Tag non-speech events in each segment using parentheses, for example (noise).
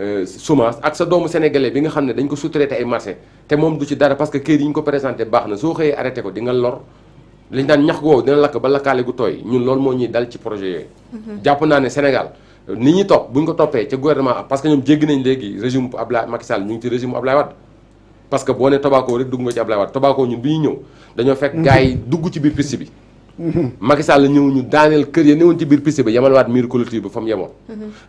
Euh, semence ak sa doomu sénégalais bi nga xam ne dañ ko sous-traité ay marché te moom du ci dara parce que kër yi ñu ko présenté baax na soo xëyee arrêté ko di nga lor liñ daan ñax goow dina lakk ba lakkaale gu tooy ñun lool moo ñuy dal ci projet yooyu mhm. jàpp naa ne Sénégal nit ñi topp bu ñu ko toppee ca gouvernement parce que ñoom jéggi nañ léegi régime Ablaye Macky Sall ñu ngi ci régime Ablaye Wade parce que boo ne Tobacco rek dugg nga ci Ablaye Wade Tobacco ñun ñëw dañoo fekk mhm. gars yi dugg ci biir bi Macky la ñëw ñu daaneel kër ya newoon ci biir piste bi yamalewaat mur clôture bi fa mu yemoon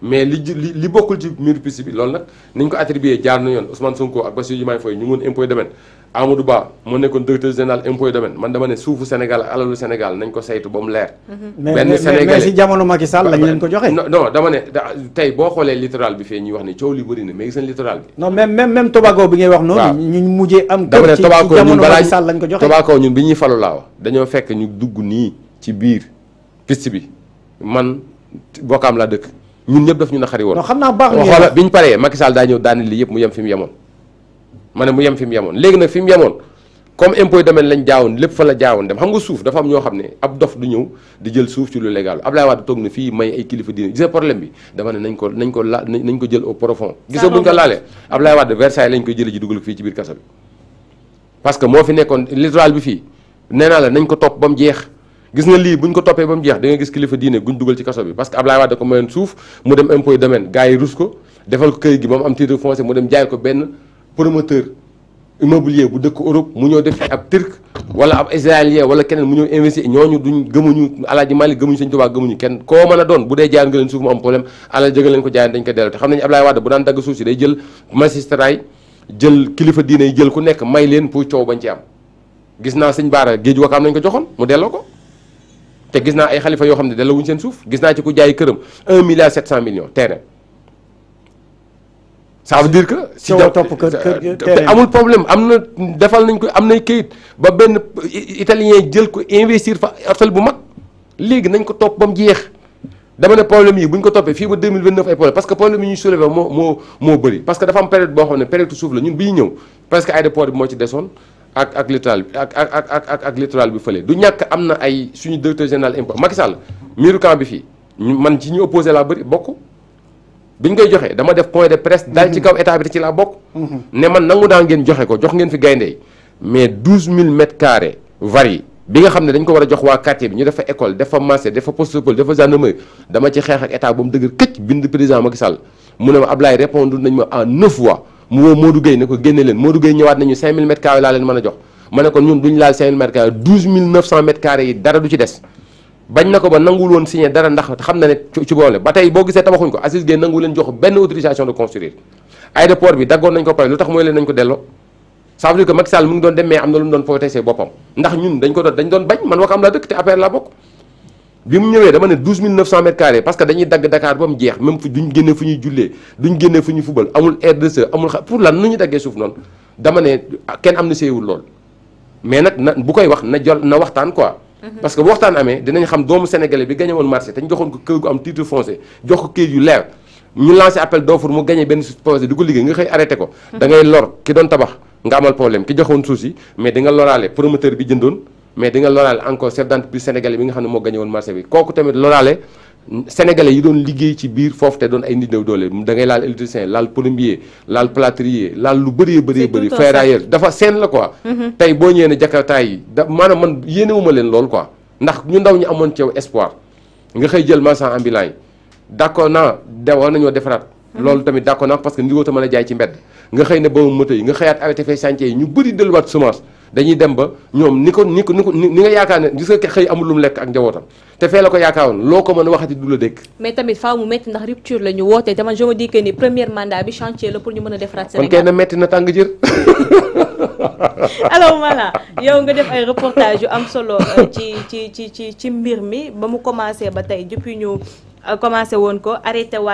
mais li li bokkul ci mur piste bi loolu nag nañ ko attribué jaar na yoon Ousmane Sonko ak Bassirou Diomaye Faye ñu ngoon impôt domaine Amadou Ba moo nekkoon directeur général impôt et domaine man dama ne suufu Sénégal ak alalu Sénégal nañ ko saytu ba mu leer. Mm-hmm. benn Sénégalais mais si jamono Macky Sall lañ leen ko joxe. non dama ne tey boo xoolee littoral bi fee ñuy wax ne coow li bëri na mais gis nañ littoral bi. non bi ngay wax noonu. ñu mujjee am. dama ne Tobago ñun balaa ci jamono Macky lañ ko joxe. Tobago ñun bi ñuy falu laa wax dañoo fekk ñu dugg nii ci biir piste bi man bokkaam laa dëkk ñun ñëpp daf ñu naqari woon. non xam naa baax ngeen wax biñ paree Macky Sall daa ñëw daani li yëpp mu yem fi mu yemoon ma ne mu yem fi mu yemoon léegi nag fi mu yemoon comme impôt domaine lañ jaawoon lépp fa la jaawoon dem xam nga suuf dafa am ñoo xam ne ab dof du ñëw di jël suuf ci lu légal Ablaye Wade toog na fii may ay kilifa diine la nañ jël au profond gisoo biir kasa bi fi nekkoon littoral bi fii nee naa la ba mu jeex gis nga lii buñ ko toppee ba mu jeex da nga gis kilifa diine guñ dugal ci kaso bi parce que Ablaye Wade da ko mayoon suuf mu dem impôt domaine gars yi rus ko defal ko këyit gi moom am titre foncier mu dem jaay ko benn promoteur immobilier bu dëkk Europe mu ñëw def ab turc wala ab israélien wala keneen mu ñëw investir ñooñu duñ gëmuñu alaaji Malick gëmuñu Sëñ Tuubaa gëmuñu kenn koo mën a doon bu dee jaar nga leen suuf mu am problème alal jëgal leen ko jaay dañ ko delloo te xam nañu Ablaye Wade jël magistrat jël kilifa diine yi jël ku nekk may leen pour coow bañ ci am gis naa sëñ Baara géej wakaam nañ ko joxoon mu delloo ko te gis naa ay xalifa yoo xam ne delloo wuñ seen suuf gis naa ci ku jaay këram 1 milliard 700 millions terrain ça veut dire que si topp kër kër amul problème amna na defal nañ ko am nay kayit ba ben italien jël ko investir fa hôtel bu mag légui nañ ko top bam mu jeex dama né problème yi buñ ko topé fi ba 2029 ay problème parce que problème yi ñuy soulevé mo mo moo bëri parce que dafa am période bo xamné période souffle la ñun bi ñëw que aéroport mo ci desoon ak ak littoral ak ak ak ak ak littoral bi feulé du ñak amna ay suñu directeur général impôt Macky Sall miiru camp bi fi man ci ñu opposé la bari bokk biñ dama def point de presse dal ci kaw état bi ci man ngeen ko jox ngeen fi mais douze mille mètres carrés vari bi nga xamné dañ ko wara jox wa quartier bi école dafa marché dafa poste de police dafa gendarmerie dama ci ak état mu bind président Macky répondre nañ neuf fois mu Modou Gueye Modou Gueye ñëwaat nañu mètres carrés leen jox mané ñun dara du ci bañ na ko ba nanguwul woon signé dara ndax xam na ne ci boole ba tey boo gisee tabaxuñ ko assise géen nangu leen jox benn autorisation de construire aéroport bi daggoon nañ ko pare lu tax mooy leen nañ ko delloo ça veut dire mu ngi doon dem mais am na lu mu doon protéger boppam ndax ñun dañ ko doon dañ doon bañ man wax am laa dëkk te affaire laa bokk bi mu ñëwee dama ne 12 900 mètres carrés parce que dañuy dagg Dakar ba mu jeex même fu duñ génne mais nag na bu koy wax na jol na waxtaan quoi Mhm. parce que bu waxtaan amee dinañ xam doomu sénégalais bi gagné woon marché te ñu joxoon ko kër gu am titre foncier jox ko kayit yu leer ñu lancé appel d'offre mu gagné benn projet di ko liggéey nga xëy arrêté ko. Mhm. da ngay lor ki doon tabax nga amal problème ki joxoon suuf si mais di nga loraale promoteur bi jëndoon. mais danga nga loraale encore chef d'entreprise sénégalais bi nga xam ne moo gagné marché bi kooku tamit loraale sénégalais yi doon liggéey ci biir foofu te doon ay nit néew doole da ngay laal électricien laal plombier laal plâtrier laal lu bëree bëree bëri ferrailleur dafa seen la quoi mhm. tey boo ñëwee ne jakartaay yi da maanaam man yéenewuma leen loolu quoi ndax ñu ndaw ñu amoon ceew espoir nga xëy jël marchand ambulant yi d'accord naa de war nañoo defaraat mhm. loolu tamit d'accord naa parce que ndigoo ta a jaay ci mbedd nga xëy ne boobu moto yi nga xëyaat arrêté fee chantier ñu bëri delluwaat semence dañuy dem ba ñoom ni ko ni ko ni nga yaakaar ne gis nga xëy amul lu mu lekk ak njabootam te fee la ko yaakaar yaakaaroon loo ko mën a waxati du la dégg mais tamit faaw mu métti ndax rupture la ñu woote dama je me dis que ni premier mandat bi chantier la pour ñu mën a defaraat Sénégal kon kenn métti na tàng (laughs) yow nga def ay reportage yu am solo euh, ci ci ci ci ci mbir mi ba mu commencé ba tey depuis ñu euh, commencé woon ko arrêté waat